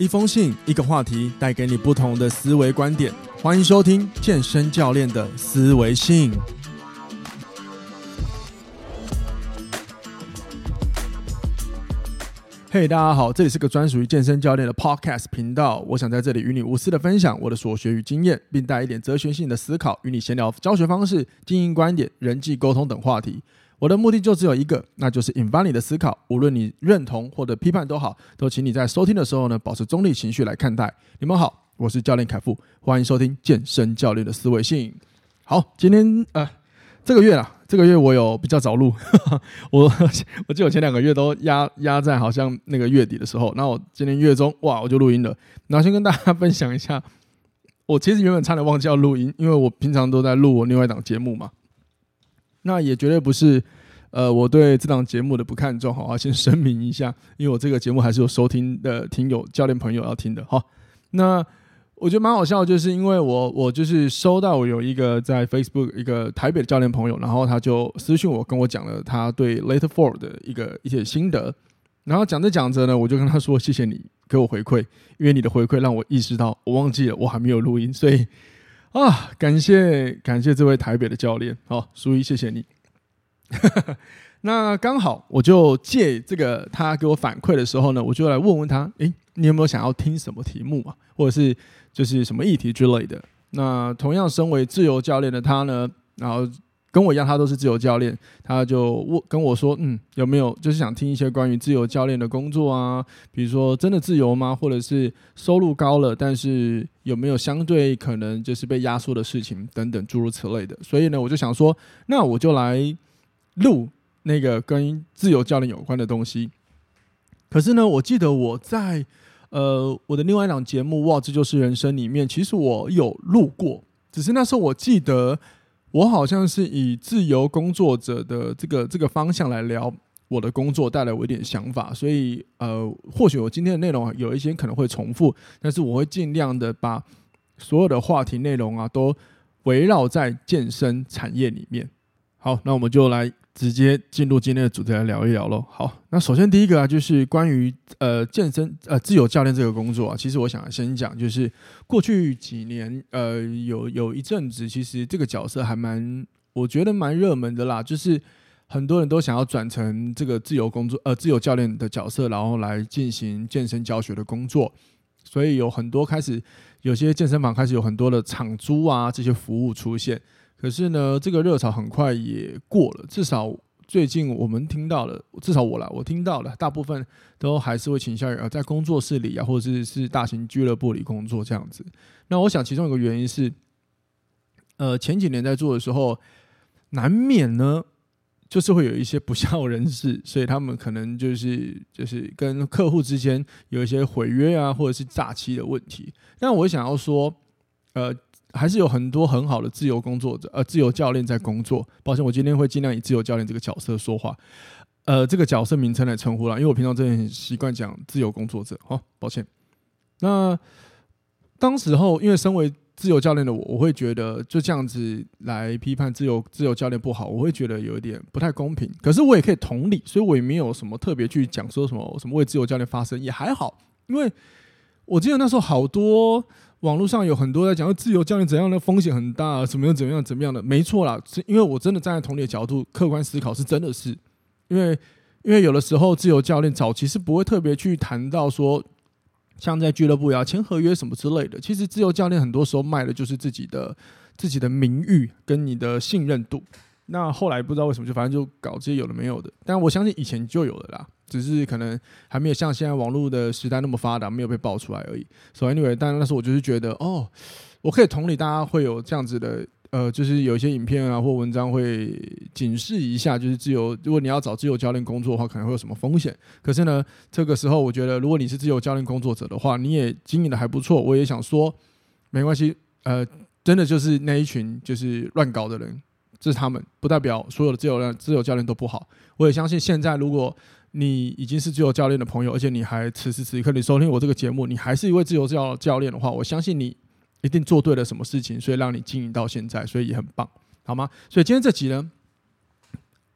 一封信，一個話題，帶給你不同的思維觀點。歡迎收聽健身教練的思維信。嘿，大家好，這裡是個專屬於健身教練的 podcast 頻道。我想在這裡與你無私的分享我的所學與經驗，並帶一點哲學性的思考，與你閒聊教學方式、經營觀點、人際溝通等話題。我的目的就只有一個，那就是引發你的思考。無論你認同或者批判都好，都請你在收聽的時候呢，保持中立情緒來看待。你們好，我是教練凱富，歡迎收聽健身教練的思維信。好，今天呃，這個月啊，這個月我有比較早錄。我我記得我前兩個月都壓壓在好像那個月底的時候，那我今天月中哇，我就錄音了。然後先跟大家分享一下，我其實原本差點忘記要錄音，因為我平常都在錄我另外一檔節目嘛。那也絕對不是，呃，我對這檔節目的不看重，好，我先聲明一下，因為我這個節目還是有收聽的聽友、教練朋友要聽的，好。那我覺得蠻好笑，就是因為我我就是收到有一個在 Facebook 一個台北的教練朋友，然後他就私訊我，跟我講了他對 Letter 4的一個一些心得，然後講着講着呢，我就跟他說謝謝你給我回饋，因為你的回饋讓我意識到我忘記了我還沒有錄音，所以。啊，感謝感謝這位台北的教練，好，蘇一，謝謝你。 那剛好，我就借這個他給我反饋的時候呢，我就來問問他，誒，你有沒有想要聽什麼題目啊，或者是就是什麼議題之類的？那同樣身為自由教練的他呢，然後。跟我一樣，他都是自由教練，他就我跟我說，嗯，有沒有就是想聽一些關於自由教練的工作啊？比如說真的自由嗎？或者是收入高了，但是有沒有相對可能就是被壓縮的事情等等諸如此類的？所以呢，我就想說，那我就來錄那個跟自由教練有關的東西。可是呢，我記得我在呃我的另外一檔節目《哇，這就是人生》裡面，其實我有錄過，只是那時候我記得。我好像是以自由工作者的這個這個方向來聊我的工作，帶來我一點想法，所以呃，或許我今天的內容有一些可能會重複，但是我會盡量的把所有的話題內容啊都圍繞在健身產業裡面。好，那我們就來。直接進入今天的主題來聊一聊咯好，那首先第一個啊，就是關於呃健身、呃自由教練這個工作啊，其實我想先講，就是過去幾年呃有有一陣子，其實這個角色還蠻我覺得蠻熱門的啦，就是很多人都想要轉成這個自由工作呃自由教練的角色，然後來進行健身教學的工作，所以有很多開始有些健身房開始有很多的場租啊，這些服務出現。可是呢，這個熱潮很快也過了。至少最近我們聽到了，至少我來我聽到了，大部分都還是會傾向於啊，在工作室裡啊，或者是是大型俱樂部裡工作這樣子。那我想，其中一個原因是，呃，前幾年在做的時候，難免呢，就是會有一些不肖人士，所以他們可能就是就是跟客戶之間有一些毀約啊，或者是詐欺的問題。但我想要說，呃。還是有很多很好的自由工作者，呃，自由教練在工作。抱歉，我今天會盡量以自由教練這個角色說話，呃，這個角色名稱來稱呼啦。因為我平常真的很習慣講自由工作者。好、哦，抱歉。那當時候，因為身為自由教練的我，我會覺得就這樣子來批判自由、自由教練不好，我會覺得有一點不太公平。可是我也可以同理，所以我也沒有什麼特別去講說什麼什麼為自由教練發聲，也還好。因為我記得那時候好多。網絡上有很多在講，自由教練怎樣的風險很大，怎麼又怎麼樣怎麼樣的，沒錯啦，是因為我真的站在同理的角度客觀思考，是真的是，因為因為有的時候自由教練早期是不會特別去談到說，像在俱樂部要、啊、簽合約什麼之類的，其實自由教練很多時候賣的就是自己的自己的名譽跟你的信任度，那後來不知道為什麼就反正就搞這些有的沒有的，但我相信以前就有的啦。只是可能還沒有像現在網絡的時代那麼發達，沒有被爆出來而已。所以，anyway，但那時候我就是覺得，哦，我可以同理，大家會有這樣子的，呃，就是有一些影片啊或文章會警示一下，就是自由，如果你要找自由教練工作的話，可能會有什麼風險。可是呢，這個時候我覺得，如果你是自由教練工作者的話，你也經營的還不錯，我也想說，沒關係，呃，真的就是那一群就是亂搞的人，這是、就是他們，不代表所有的自由人、自由教練都不好。我也相信，現在如果你已經是自由教練的朋友，而且你還此時此刻你收聽我這個節目，你還是一位自由教教練的話，我相信你一定做對了什麼事情，所以讓你經營到現在，所以也很棒，好嗎？所以今天這集呢，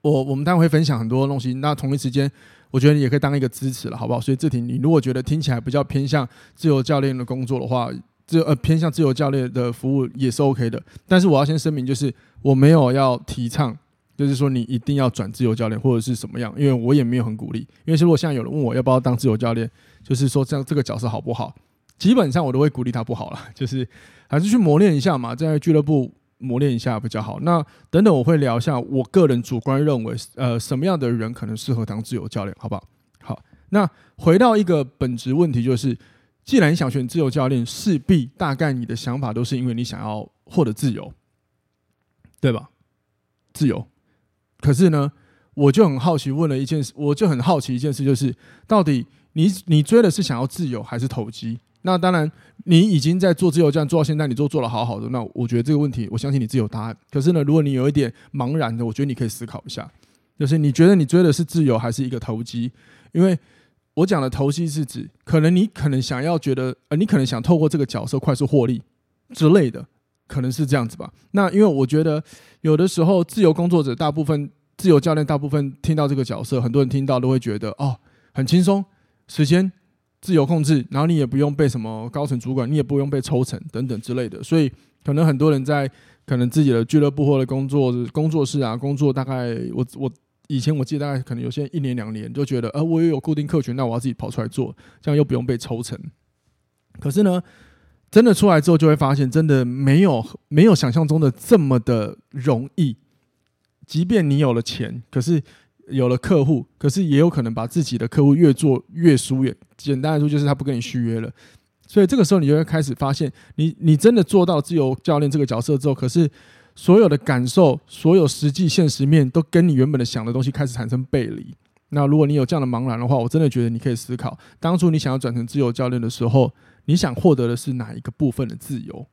我我們待會會分享很多東西。那同一時間，我覺得你也可以當一個支持了，好不好？所以這題你如果覺得聽起來比較偏向自由教練的工作的話，自呃偏向自由教練的服務也是 OK 的。但是我要先聲明，就是我沒有要提倡。就是說，你一定要轉自由教練或者是什麼樣？因為我也沒有很鼓勵。因為是如果現在有人問我要不要當自由教練，就是說這樣這個角色好不好？基本上我都會鼓勵他不好了，就是還是去磨練一下嘛，在俱樂部磨練一下比較好。那等等我會聊一下，我個人主觀認為，呃，什麼樣的人可能適合當自由教練？好不好？好。那回到一個本質問題，就是既然你想選自由教練，勢必大概你的想法都是因為你想要獲得自由，對吧？自由。可是呢，我就很好奇問了一件事，我就很好奇一件事，就是到底你你追的是想要自由還是投機？那當然，你已經在做自由，這樣做到現在，你做做得好好的，那我覺得這個問題，我相信你自有答案。可是呢，如果你有一點茫然的，我覺得你可以思考一下，就是你覺得你追的是自由還是一個投機？因為，我講的投機是指，可能你可能想要覺得，呃，你可能想透過這個角色快速獲利之類的。可能是這樣子吧。那因為我覺得，有的時候自由工作者大部分、自由教練大部分聽到這個角色，很多人聽到都會覺得哦，很輕鬆，時間自由控制，然後你也不用被什麼高層主管，你也不用被抽成等等之類的。所以可能很多人在可能自己的俱樂部或者工作工作室啊，工作大概我我以前我記得大概可能有些一年兩年就覺得，呃、啊，我也有固定客群，那我要自己跑出來做，這樣又不用被抽成。可是呢，真的出來之後，就會發現真的沒有沒有想象中的這麼的容易。即便你有了錢，可是有了客戶，可是也有可能把自己的客戶越做越疏遠。簡單來說，就是他不跟你續約了。所以這個時候，你就會開始發現你，你你真的做到自由教練這個角色之後，可是所有的感受、所有實際現實面，都跟你原本的想的東西開始產生背離。那如果你有這樣的茫然的話，我真的覺得你可以思考，當初你想要轉成自由教練的時候。你想獲得的是哪一個部分的自由？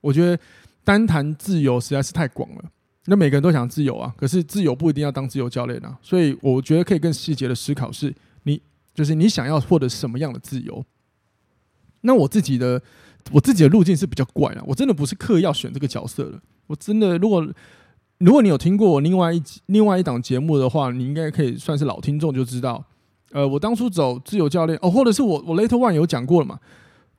我覺得單談自由實在是太廣了。那每個人都想自由啊，可是自由不一定要當自由教練啊。所以我覺得可以更細節的思考是你，就是你想要獲得什麼樣的自由？那我自己的我自己的路徑是比較怪啦，我真的不是刻意要選這個角色的。我真的如果如果你有聽過我另外一另外一檔節目的話，你應該可以算是老聽眾就知道。呃，我當初走自由教練哦，或者是我我 Letter one 有講過了嘛，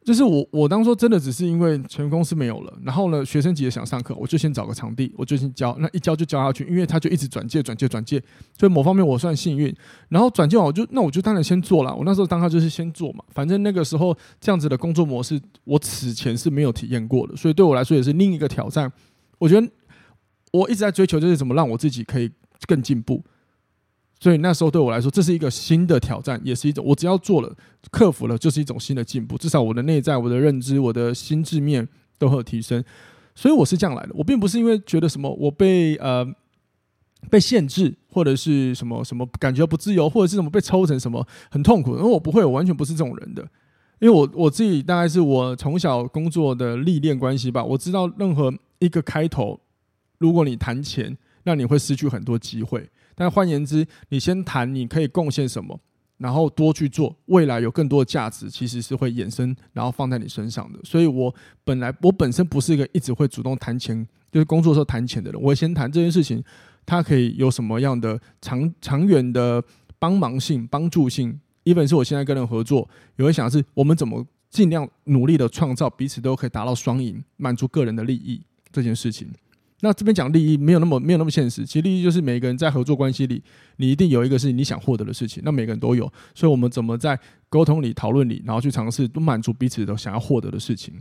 就是我我當初真的只是因為全公司沒有了，然後呢學生級的想上課，我就先找個場地，我就先教，那一教就教下去，因為他就一直轉介轉介轉介，所以某方面我算幸運。然後轉介完我就那我就當然先做了，我那時候當他就是先做嘛，反正那個時候這樣子的工作模式我此前是沒有體驗過的，所以對我來說也是另一個挑戰。我覺得我一直在追求，就是怎麼讓我自己可以更進步。所以那時候對我來說，這是一個新的挑戰，也是一種我只要做了，克服了，就是一種新的進步。至少我的內在、我的認知、我的心智面都會有提升。所以我是這樣來的。我並不是因為覺得什麼，我被呃被限制，或者是什麼什麼感覺不自由，或者是什麼被抽成什麼很痛苦的。因為我不會，我完全不是這種人的。因為我我自己大概是我從小工作的歷練關係吧，我知道任何一個開頭，如果你談錢，那你會失去很多機會。但換言之，你先談你可以貢獻什麼，然後多去做，未來有更多的價值，其實是會衍生，然後放在你身上的。所以，我本來我本身不是一個一直會主動談錢，就是工作的時候談錢的人。我先談這件事情，它可以有什麼樣的長長遠的幫忙性、幫助性。一本是我現在跟人合作，也會想的是我們怎麼盡量努力的創造彼此都可以達到雙贏，滿足個人的利益這件事情。那這邊講利益沒有那麼沒有那麼現實，其實利益就是每個人在合作關係裡，你一定有一個是你想獲得的事情，那每個人都有，所以我們怎麼在溝通裡討論裡，然後去嘗試都滿足彼此的想要獲得的事情。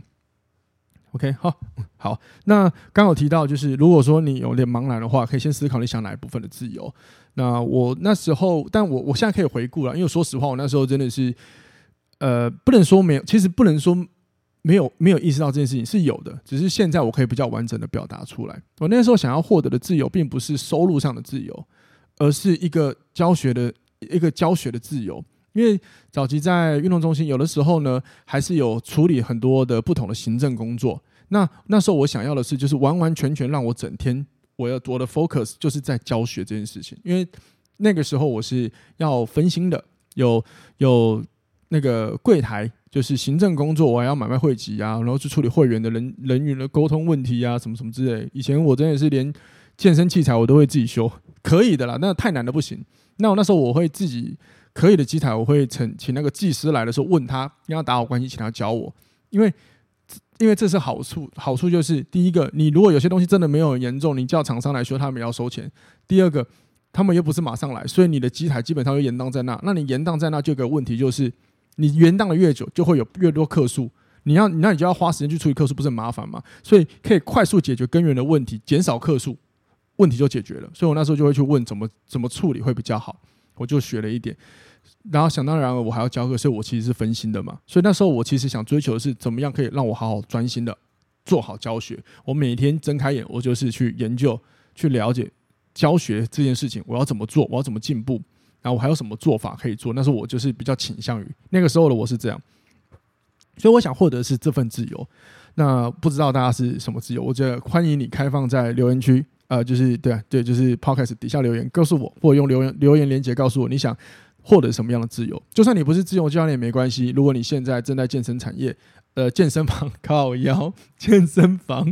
OK，好，oh，好，那剛好提到就是，如果說你有點茫然的話，可以先思考你想哪一部分的自由。那我那時候，但我我現在可以回顧了，因為說實話，我那時候真的是，呃，不能說沒有，其實不能說。沒有沒有意識到這件事情是有的，只是現在我可以比較完整的表達出來。我那時候想要獲得的自由，並不是收入上的自由，而是一個教學的一個教學的自由。因為早期在運動中心，有的時候呢，還是有處理很多的不同的行政工作。那那時候我想要的是，就是完完全全讓我整天，我要做的 focus 就是在教學這件事情。因為那個時候我是要分心的，有有那個櫃檯。就是行政工作，我還要買賣會籍啊，然後去處理會員的人人員的溝通問題啊，什麼什麼之類。以前我真的是連健身器材我都會自己修，可以的啦。那太難的不行。那我那時候我會自己可以的機台，我會請請那個技師來的時候問他，跟他打好關係，請他教我。因為因為這是好處，好處就是第一個，你如果有些東西真的沒有很嚴重，你叫廠商來修，他們也要收錢。第二個，他們又不是馬上來，所以你的機台基本上會延宕在那。那你延宕在那就有個問題就是。你延宕的越久，就會有越多客訴，你要，那你就要花時間去處理客訴，不是很麻煩嗎？所以可以快速解決根源的問題，減少客訴，問題就解決了。所以我那時候就會去問怎麼怎麼處理會比較好，我就學了一點。然後想當然了，我還要教課，所以我其實是分心的嘛。所以那時候我其實想追求的是怎麼樣可以讓我好好專心的做好教學。我每天睜開眼，我就是去研究、去了解教學這件事情，我要怎麼做，我要怎麼進步。然後我還有什麼做法可以做？那是我就是比較傾向於那個時候的我是這樣，所以我想獲得的是這份自由。那不知道大家是什麼自由？我覺得歡迎你開放在留言區，啊、呃，就是對對，就是 Podcast 底下留言告訴我，或者用留言留言連結，告訴我你想獲得什麼樣的自由。就算你不是自由教練也沒關係，如果你現在正在健身產業，呃，健身房靠腰，健身房，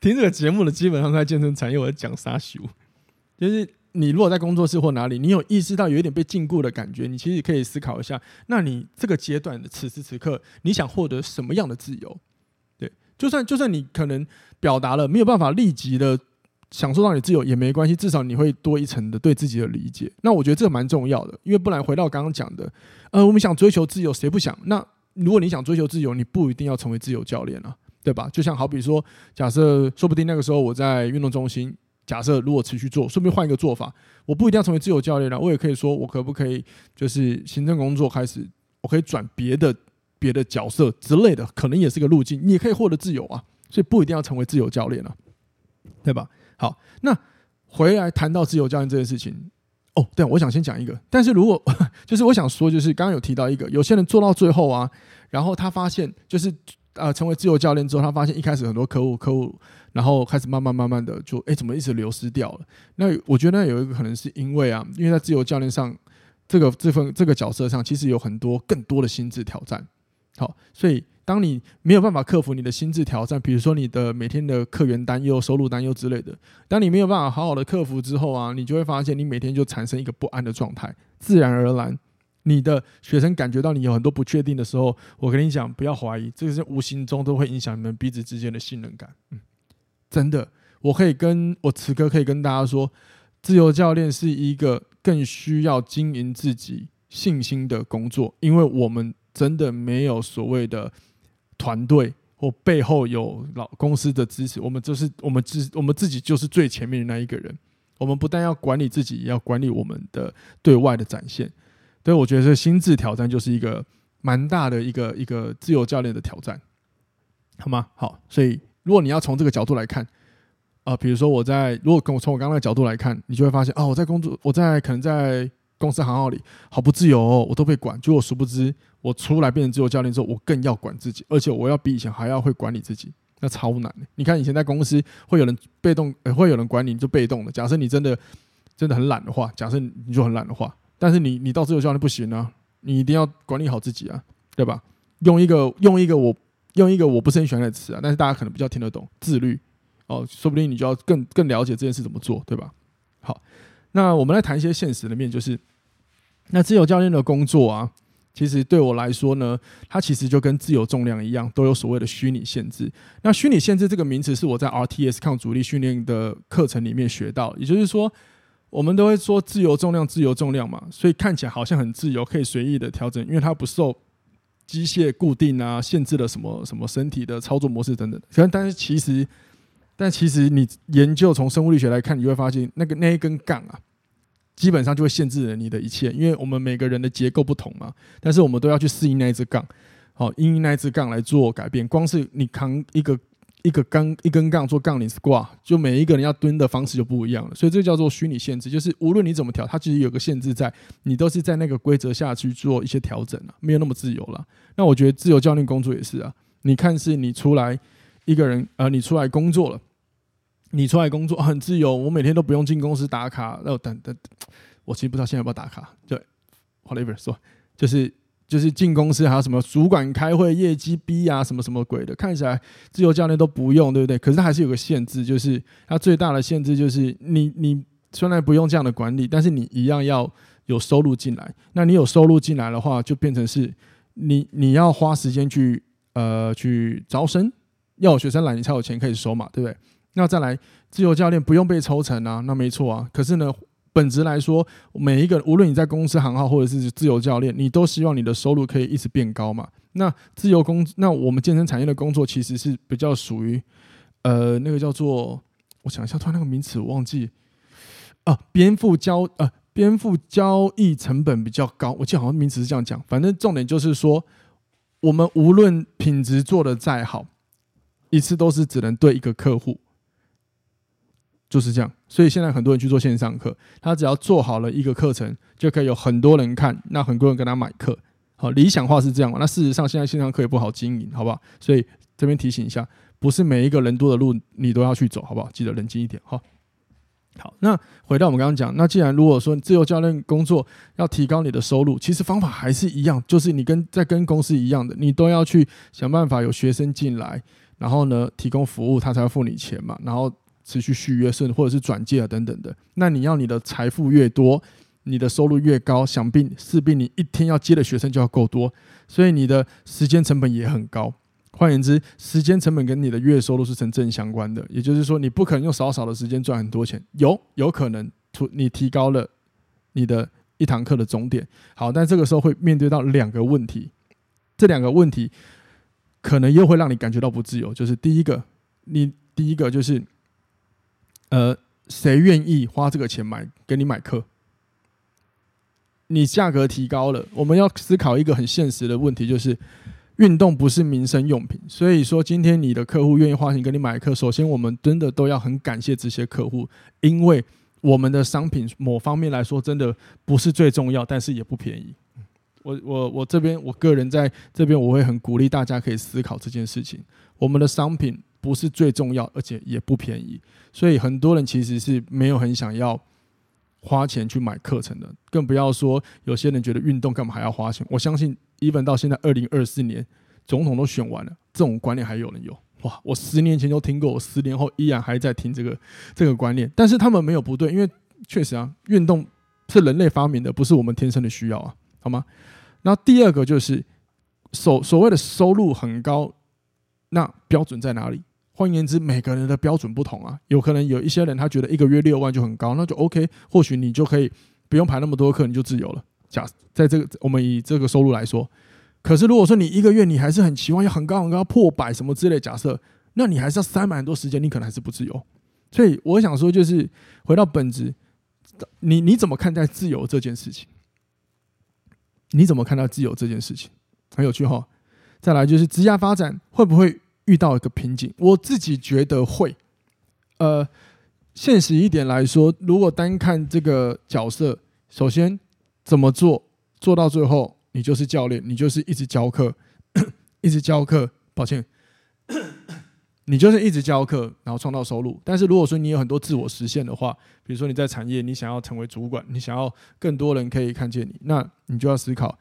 聽這個節目的基本上在健身產業，我在講啥小，就是。你如果在工作室或哪裡，你有意識到有一點被禁錮的感覺，你其實可以思考一下，那你這個階段的此時此刻，你想獲得什麼樣的自由？對，就算就算你可能表達了沒有辦法立即的享受到你自由也沒關係，至少你會多一層的對自己的理解。那我覺得這蠻重要的，因為不然回到剛剛講的，呃，我們想追求自由，誰不想？那如果你想追求自由，你不一定要成為自由教練啊，對吧？就像好比說，假設說不定那個時候我在運動中心。假設如果持續做，順便換一個做法，我不一定要成為自由教練了。我也可以說，我可不可以就是行政工作開始，我可以轉別的、別的角色之類的，可能也是個路徑。你也可以獲得自由啊，所以不一定要成為自由教練了，對吧？好，那回來談到自由教練這件事情，哦，對，我想先講一個。但是如果就是我想說，就是剛剛有提到一個，有些人做到最後啊，然後他發現，就是呃，成為自由教練之後，他發現一開始很多客戶，客戶。然後開始慢慢慢慢的就，哎，怎麼一直流失掉了？那我覺得那有一個可能是因為啊，因為在自由教練上，這個，這份，這個角色上，其實有很多更多的心智挑戰。好，所以當你沒有辦法克服你的心智挑戰，比如說你的每天的客源擔憂、收入擔憂之類的，當你沒有辦法好好的克服之後啊，你就會發現你每天就產生一個不安的狀態。自然而然，你的學生感覺到你有很多不確定的時候，我跟你講，不要懷疑，這個是無形中都會影響你們彼此之間的信任感。嗯。真的，我可以跟我此刻可以跟大家說，自由教練是一個更需要經營自己信心的工作，因為我們真的沒有所謂的團隊或背後有老公司的支持，我們就是我們自我們自己就是最前面的那一個人。我們不但要管理自己，也要管理我們的對外的展現。所以，我覺得這心智挑戰就是一個蠻大的一個一個自由教練的挑戰，好嗎？好，所以。如果你要從這個角度來看，啊，比如說我在如果跟我從我剛剛的角度來看，你就會發現啊，我在工作，我在可能在公司行號裡好不自由喔，我都被管。就我殊不知，我出來變成自由教練之後，我更要管自己，而且我要比以前還要會管理自己，那超難欸。你看以前在公司會有人被動，會有人管你，你就被動的。假設你真的真的很懶的話，假設你就很懶的話，但是你你到自由教練不行啊，你一定要管理好自己啊，對吧？用一個用一個我。用一個我不是很喜歡的詞啊，但是大家可能比較聽得懂自律哦，說不定你就要更更了解這件事怎麼做，對吧？好，那我們來談一些現實的面，就是那自由教練的工作啊，其實對我來說呢，它其實就跟自由重量一樣，都有所謂的虛擬限制。那虛擬限制這個名詞是我在 RTS 抗阻力訓練的課程裡面學到，也就是說，我們都會說自由重量、自由重量嘛，所以看起來好像很自由，可以隨意的調整，因為它不受。機械固定啊，限制了什麼什麼身體的操作模式等等。可但是其實，但其實你研究從生物力學來看，你就會發現那個那一根槓啊，基本上就會限制了你的一切。因為我們每個人的結構不同嘛，但是我們都要去適應那一隻槓，好、哦，因那一隻槓來做改變。光是你扛一個一個槓一根槓做槓鈴 squat，就每一個人要蹲的方式就不一樣了。所以這叫做虛擬限制，就是無論你怎麼調，它其實有個限制在，你都是在那個規則下去做一些調整了、啊，沒有那麼自由了。那我覺得自由教練工作也是啊。你看，是你出來一個人啊、呃，你出來工作了，你出來工作很、哦、自由，我每天都不用進公司打卡，我、哦、等等、等。我其實不知道現在要不要打卡，對 whatever 說、so，就是就是進公司還有什麼主管開會、業績逼啊，什麼什麼鬼的，看起來自由教練都不用，對不對？可是它還是有個限制，就是他最大的限制就是你你雖然不用這樣的管理，但是你一樣要有收入進來。那你有收入進來的話，就變成是。你你要花時間去呃去招生，要有學生來你才有錢可以收嘛，對不對？那再來，自由教練不用被抽成啊，那沒錯啊。可是呢，本質來說，每一個無論你在公司行號或者是自由教練，你都希望你的收入可以一直變高嘛。那自由工，那我們健身產業的工作其實是比較屬於呃那個叫做，我想一下，突然那個名詞我忘記啊，邊副教呃。啊顛覆交易成本比較高，我記得好像名詞是這樣講，反正重點就是說，我們無論品質做得再好，一次都是只能對一個客戶，就是這樣。所以現在很多人去做線上課，他只要做好了一個課程，就可以有很多人看，那很多人跟他買課。好，理想化是這樣，那事實上現在線上課也不好經營，好不好？所以這邊提醒一下，不是每一個人多的路你都要去走，好不好？記得冷靜一點，好。好，那回到我們剛剛講，那既然如果說自由教練工作要提高你的收入，其實方法還是一樣，就是你跟在跟公司一樣的，你都要去想辦法有學生進來，然後呢，提供服務，他才會付你錢嘛，然後持續續約，甚至或者是轉介啊等等的。那你要你的財富越多，你的收入越高，想必勢必你一天要接的學生就要夠多，所以你的時間成本也很高。換言之，時間成本跟你的月收入是成正相關的。也就是說，你不可能用少少的時間賺很多錢。有，有可能，你提高了你的一堂課的總點。好，但這個時候會面對到兩個問題，這兩個問題可能又會讓你感覺到不自由。就是第一個，你第一個就是，呃，誰願意花這個錢買給你買課？你價格提高了，我們要思考一個很現實的問題，就是。運動不是民生用品，所以說今天你的客戶願意花錢給你買課，首先我們真的都要很感謝這些客戶，因為我們的商品某方面來說真的不是最重要，但是也不便宜。我我我這邊我個人在這邊我會很鼓勵大家可以思考這件事情，我們的商品不是最重要，而且也不便宜，所以很多人其實是沒有很想要花錢去買課程的，更不要說有些人覺得運動幹嘛還要花錢，我相信。Even 到現在二零二四年，總統都選完了，這種觀念還有人有哇？我十年前都聽過，我十年後依然還在聽這個這個觀念，但是他們沒有不對，因為確實啊，運動是人類發明的，不是我們天生的需要啊，好嗎？那第二個就是所所謂的收入很高，那標準在哪裡？換言之，每個人的標準不同啊，有可能有一些人他覺得一個月六萬就很高，那就 OK，或許你就可以不用排那麼多課，你就自由了。假在這個，我們以這個收入來說，可是如果說你一個月你還是很期望要很高很高破百什麼之類，假設，那你還是要塞滿很多時間，你可能還是不自由。所以我想說，就是回到本質，你你怎麼看待自由這件事情？你怎麼看待自由這件事情？很有趣哈。再來就是職業發展會不會遇到一個瓶頸？我自己覺得會。呃，現實一點來說，如果單看這個角色，首先。怎麼做？做到最後，你就是教練，你就是一直教課，一直教課。抱歉，你就是一直教課，然後創造收入。但是如果說你有很多自我實現的話，比如說你在產業，你想要成為主管，你想要更多人可以看見你，那你就要思考，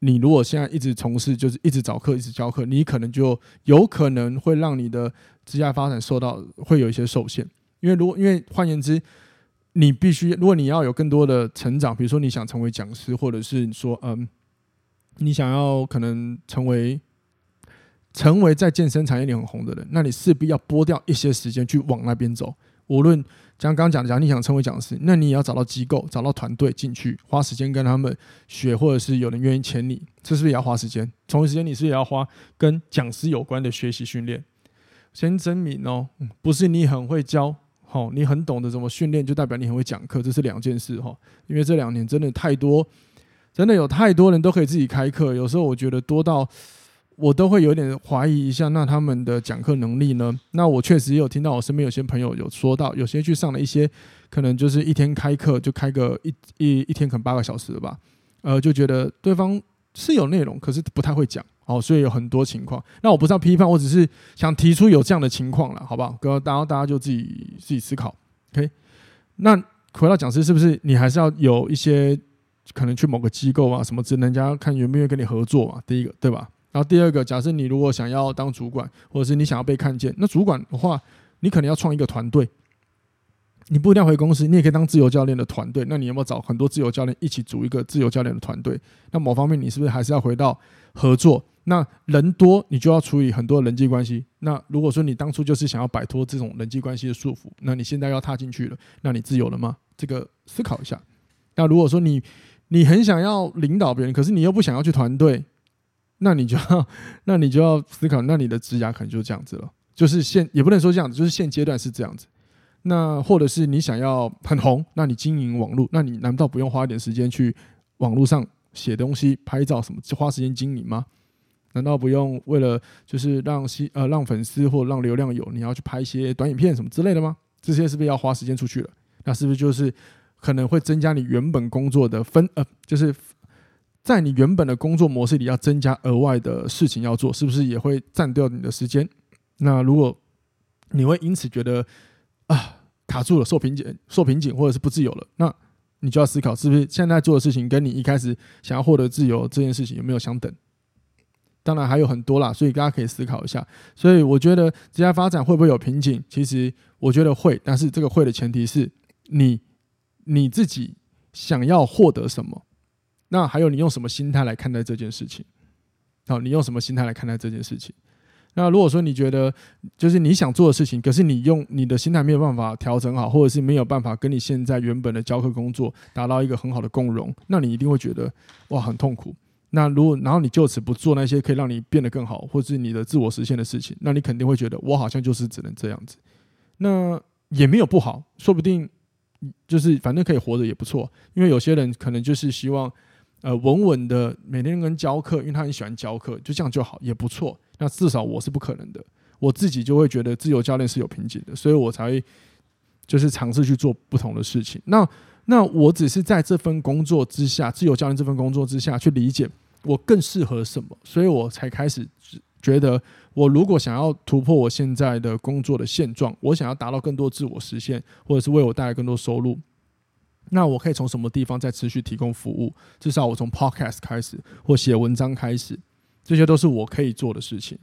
你如果現在一直從事，就是一直找課，一直教課，你可能就有可能會讓你的職業發展受到，會有一些受限，因為如果，因為換言之。你必須，如果你要有更多的成長，比如說你想成為講師，或者是你說，嗯，你想要可能成為成為在健身產業裡很紅的人，那你勢必要撥掉一些時間去往那邊走。無論像剛講的，講你想成為講師，那你也要找到機構、找到團隊進去，花時間跟他們學，或者是有人願意請你，這是不是也要花時間？同一時間你是不是也要花跟講師有關的學習訓練。先聲明哦，不是你很會教。哦，你很懂得怎麼訓練，就代表你很會講課，這是兩件事哈。因為這兩年真的太多，真的有太多人都可以自己開課，有時候我覺得多到我都會有點懷疑一下，那他們的講課能力呢。那我確實也有聽到我身邊有些朋友有說到，有些去上了一些，可能就是一天開課，就開個一一一天可能八個小時吧，呃，就覺得對方。是有內容，可是不太會講哦，所以有很多情況。那我不是要批判，我只是想提出有這樣的情況了，好不好？哥，然後大家就自己自己思考。OK，那回到講師，是不是你還是要有一些可能去某個機構啊什麼之類？人家看願不願意跟你合作嘛，第一個對吧？然後第二個，假設你如果想要當主管，或者是你想要被看見，那主管的話，你可能要創一個團隊。你不一定要回公司，你也可以當自由教練的團隊。那你有沒有找很多自由教練一起組一個自由教練的團隊？那某方面你是不是還是要回到合作？那人多，你就要處理很多人際關係。那如果說你當初就是想要擺脫這種人際關係的束縛，那你現在要踏進去了，那你自由了嗎？這個思考一下。那如果說你你很想要領導別人，可是你又不想要去團隊，那你就要，那你就要思考，那你的職涯可能就是這樣子了，就是現也不能說這樣子，就是現階段是這樣子。那或者是你想要很紅，那你經營網絡，那你難道不用花一點時間去網絡上寫東西、拍照什麼，花時間經營嗎？難道不用為了就是讓新呃讓粉絲或讓流量有，你要去拍一些短影片什麼之類的嗎？這些是不是要花時間出去了？那是不是就是可能會增加你原本工作的分呃，就是在你原本的工作模式裡要增加額外的事情要做，是不是也會佔掉你的時間？那如果你會因此覺得，啊，卡住了，受瓶頸，受瓶頸，或者是不自由了。那你就要思考，是不是現在在做的事情跟你一開始想要獲得自由這件事情有沒有相等？當然還有很多啦，所以大家可以思考一下。所以我覺得接下來發展會不會有瓶頸？其實我覺得會，但是這個會的前提是你你自己想要獲得什麼，那還有你用什麼心態來看待這件事情？好，你用什麼心態來看待這件事情？那如果說你覺得就是你想做的事情，可是你用你的心態沒有辦法調整好，或者是沒有辦法跟你現在原本的教課工作達到一個很好的共融，那你一定會覺得哇，很痛苦。那如果然後你就此不做那些可以讓你變得更好，或是你的自我實現的事情，那你肯定會覺得我好像就是只能這樣子。那也沒有不好，說不定就是反正可以活着也不錯。因為有些人可能就是希望呃穩穩的每天跟教課，因為他很喜歡教課，就這樣就好，也不錯。那至少我是不可能的，我自己就會覺得自由教練是有瓶頸的，所以我才會就是嘗試去做不同的事情那。那那我只是在這份工作之下，自由教練這份工作之下去理解我更適合什麼，所以我才開始覺得，我如果想要突破我現在的工作的現狀，我想要達到更多自我實現，或者是為我帶來更多收入，那我可以從什麼地方再持續提供服務？至少我從 Podcast 開始，或寫文章開始。這些都是我可以做的事情。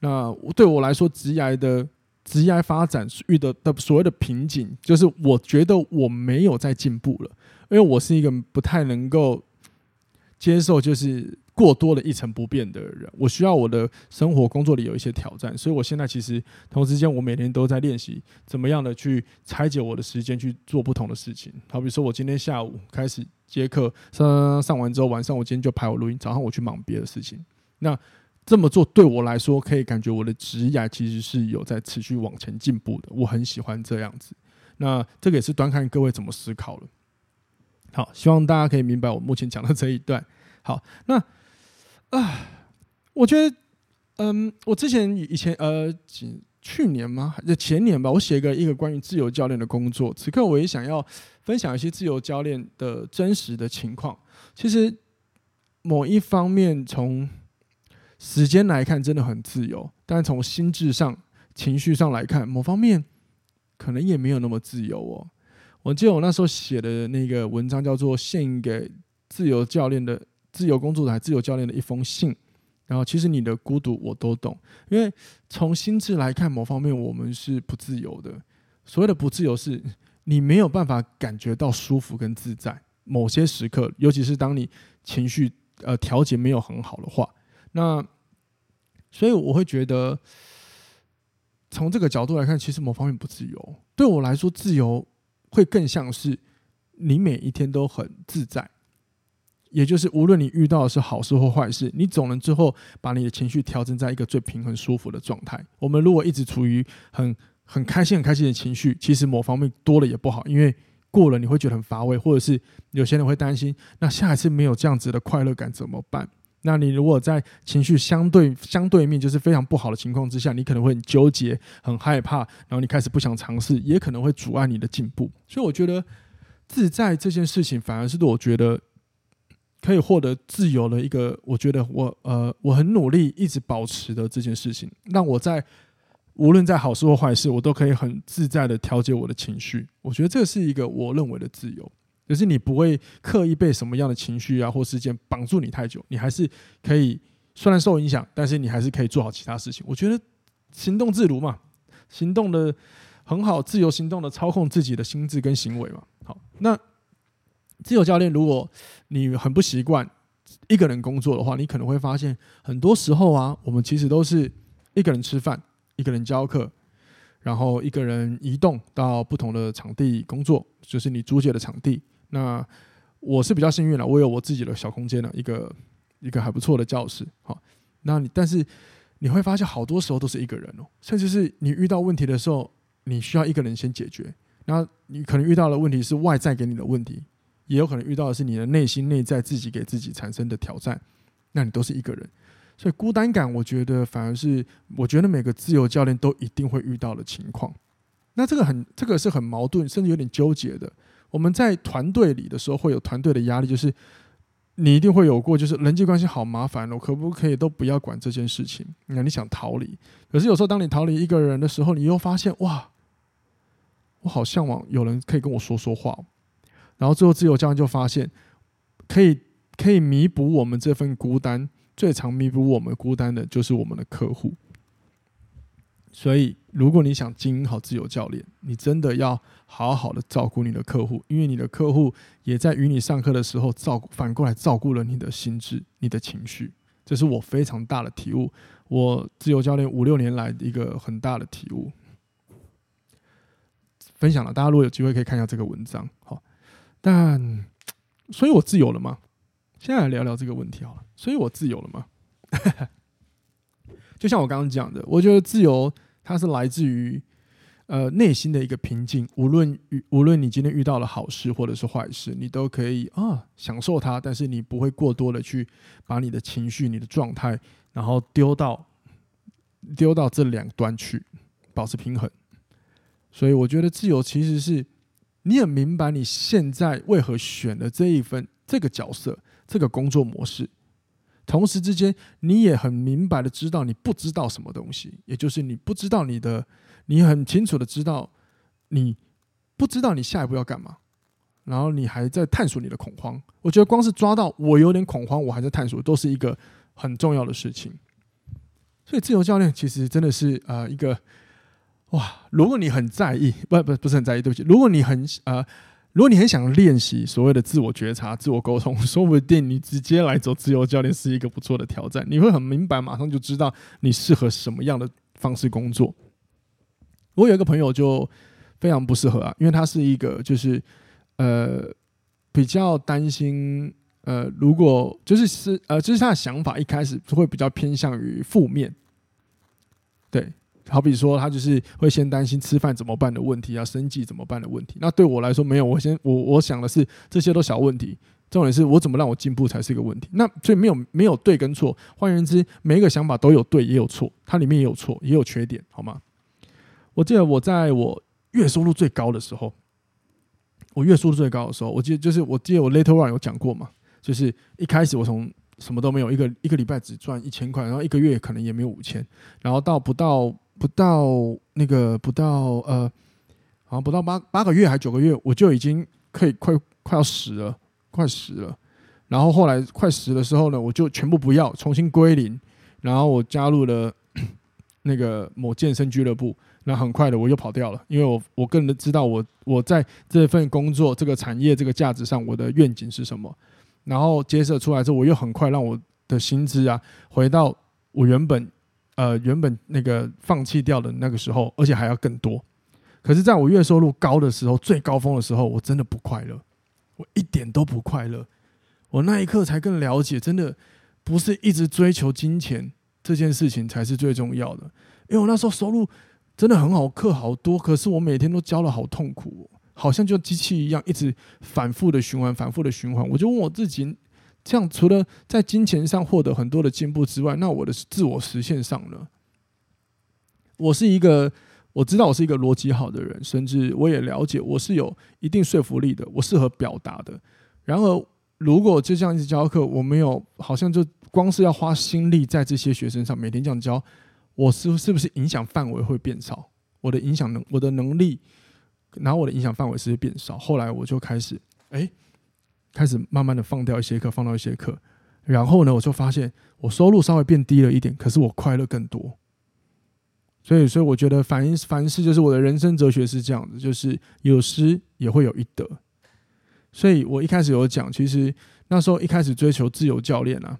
那對我來說，職涯的職涯發展遇到的所謂的瓶頸，就是我覺得我沒有在進步了，因為我是一個不太能夠接受就是過多的一成不變的人。我需要我的生活、工作裡有一些挑戰。所以我現在其實，同時間，我每天都在練習怎麼樣的去拆解我的時間去做不同的事情。好，比如說我今天下午開始接課，上上完之後，晚上我今天就排我錄音，早上我去忙別的事情。那這麼做對我來說，可以感覺我的職業其實是有在持續往前進步的，我很喜歡這樣子。那這個也是端看各位怎麼思考了。好，希望大家可以明白我目前講的這一段。好，那啊，我覺得，嗯，我之前以前呃，幾去年嗎？還是前年吧？我寫過一個關於自由教練的工作。此刻我也想要分享一些自由教練的真實的情況。其實某一方面從時間來看真的很自由，但從心智上、情緒上來看，某方面可能也沒有那麼自由哦。我記得我那時候寫的那個文章叫做《獻給自由教練的自由工作台自由教練的一封信》，然後其實你的孤獨我都懂，因為從心智來看，某方面我們是不自由的。所謂的不自由是，是你沒有辦法感覺到舒服跟自在，某些時刻，尤其是當你情緒呃調節沒有很好的話。那，所以我會覺得，從這個角度來看，其實某方面不自由。對我來說，自由會更像是你每一天都很自在，也就是無論你遇到的是好事或壞事，你走了之後，把你的情緒調整在一個最平衡、舒服的狀態。我們如果一直處於很很開心、很開心的情緒，其實某方面多了也不好，因為過了你會覺得很乏味，或者是有些人會擔心，那下一次沒有這樣子的快樂感怎麼辦？那你如果在情緒相對相對面就是非常不好的情況之下，你可能會很糾結、很害怕，然後你開始不想嘗試，也可能會阻礙你的進步。所以我覺得自在這件事情，反而是我覺得可以獲得自由的一個。我覺得我呃我很努力一直保持的這件事情，讓我在無論在好事或壞事，我都可以很自在的調節我的情緒。我覺得這是一個我認為的自由。就是你不會刻意被什麼樣的情緒啊，或事件綁住你太久，你還是可以雖然受影響，但是你還是可以做好其他事情。我覺得行動自如嘛，行動的很好，自由行動的操控自己的心智跟行為嘛。好，那自由教練，如果你很不習慣一個人工作的話，你可能會發現，很多時候啊，我們其實都是一個人吃飯，一個人教課，然後一個人移動到不同的場地工作，就是你租借的場地。那我是比較幸運了，我有我自己的小空間呢，一個一個還不錯的教室。好，那你但是你會發現，好多時候都是一個人哦，甚至是你遇到問題的時候，你需要一個人先解決。那你可能遇到的問題是外在給你的問題，也有可能遇到的是你的內心內在自己給自己產生的挑戰。那你都是一個人，所以孤單感，我覺得反而是我覺得每個自由教練都一定會遇到的情況。那這個很這個是很矛盾，甚至有點糾結的。我們在團隊裡的時候會有團隊的壓力，就是你一定會有過，就是人際關係好麻煩哦，我可不可以都不要管這件事情？那你想逃離，可是有時候當你逃離一個人的時候，你又發現哇，我好嚮往有人可以跟我說說話。然後最後自由教練就發現，可以可以彌補我們這份孤單，最常彌補我們孤單的就是我們的客戶。所以，如果你想經營好自由教練，你真的要好好的照顧你的客戶，因為你的客戶也在與你上課的時候照顧，反過來照顧了你的心智、你的情緒。這是我非常大的體悟，我自由教練五六年來的一個很大的體悟。分享了、啊，大家如果有機會可以看一下這個文章。好，但，所以我自由了嗎？現在來聊聊這個問題好了。所以我自由了嗎？ 就像我剛剛講的，我覺得自由它是來自於，呃，內心的一個平靜。無論無論你今天遇到了好事或者是壞事，你都可以啊、哦、享受它，但是你不會過多的去把你的情緒、你的狀態，然後丟到丟到這兩端去，保持平衡。所以我覺得自由其實是你也明白你現在為何選了這一份這個角色、這個工作模式。同時之間，你也很明白的知道你不知道什麼東西，也就是你不知道你的，你很清楚的知道你不知道你下一步要幹嘛，然後你還在探索你的恐慌。我覺得光是抓到我有點恐慌，我還在探索，都是一個很重要的事情。所以自由教練其實真的是啊、呃、一個，哇！如果你很在意，不不不是很在意，對不起，如果你很啊、呃。如果你很想練習所謂的自我覺察、自我溝通，說不定你直接來做自由教練是一個不錯的挑戰。你會很明白，馬上就知道你適合什麼樣的方式工作。我有一個朋友就非常不適合啊，因為他是一個，就是呃比較擔心呃，如果就是是呃，就是他的想法一開始會比較偏向於負面，對。好比說，他就是會先擔心吃飯怎麼辦的問題啊，生計怎麼辦的問題。那對我來說，沒有，我先我我想的是，這些都小問題，重點是我怎麼讓我進步才是一個問題。那所以沒有沒有對跟錯，換言之，每一個想法都有對也有錯，它裡面也有錯也有缺點，好嗎？我記得我在我月收入最高的時候，我月收入最高的時候，我記得就是我記得我 Letter One 有講過嘛，就是一開始我從什麼都沒有，一個一個禮拜只賺一千塊，然後一個月可能也沒有五千，然後到不到。不到那個不到呃，好像不到八八個月還是九個月，我就已經可以快快要死了，快死了。然後後來快死的時候呢，我就全部不要，重新歸零。然後我加入了那個某健身俱樂部，那很快的我又跑掉了，因為我我更知道我我在這份工作、這個產業、這個價值上，我的願景是什麼。然後接受出來之後，我又很快讓我的薪資啊回到我原本呃，原本那個放棄掉的那個時候，而且還要更多。可是，在我月收入高的時候，最高峰的時候，我真的不快樂，我一點都不快樂。我那一刻才更了解，真的不是一直追求金錢這件事情才是最重要的。因為我那時候收入真的很好，課好多，可是我每天都教得好痛苦，好像就機器一樣，一直反覆的循環，反覆的循環。我就問我自己。這樣，除了在金錢上獲得很多的進步之外，那我的自我實現上呢？我是一個，我知道我是一個邏輯好的人，甚至我也了解我是有一定說服力的，我適合表達的。然而，如果就這樣一直教課，我沒有好像就光是要花心力在這些學生上，每天這樣教，我是是不是影響範圍會變少？我的影響能，我的能力，然後我的影響範圍是不是變少？後來我就開始，哎、欸。開始慢慢的放掉一些課，放掉一些課，然後呢，我就發現我收入稍微變低了一點，可是我快樂更多。所以，所以我覺得凡凡事就是我的人生哲學是這樣子，就是有失也會有一得。所以我一開始有講，其實那時候一開始追求自由教練啊，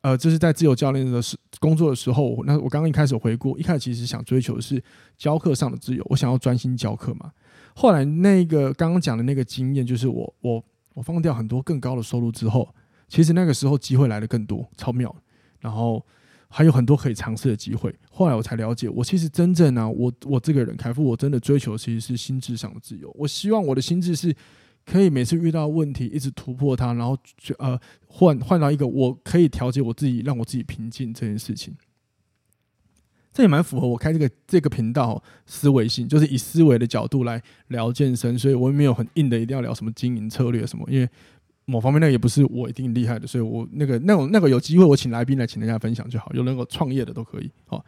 呃，就是在自由教練的時工作的時候，那我剛剛一開始回顧，一開始其實想追求的是教課上的自由，我想要專心教課嘛。後來那個剛剛講的那個經驗，就是我我。我放掉很多更高的收入之後，其實那個時候機會來的更多，超妙。然後還有很多可以嘗試的機會。後來我才了解，我其實真正呢、啊，我我這個人，楷富我真的追求的其實是心智上的自由。我希望我的心智是可以每次遇到問題，一直突破它，然後呃換換到一個我可以調節我自己，讓我自己平靜這件事情。這也蠻符合我開這個這個頻道思維性，就是以思維的角度來聊健身，所以我沒有很硬的一定要聊什麼經營策略什麼，因為某方面那個也不是我一定厲害的，所以我那個那個那個有機會我請來賓來請大家分享就好，有那個創業的都可以，好，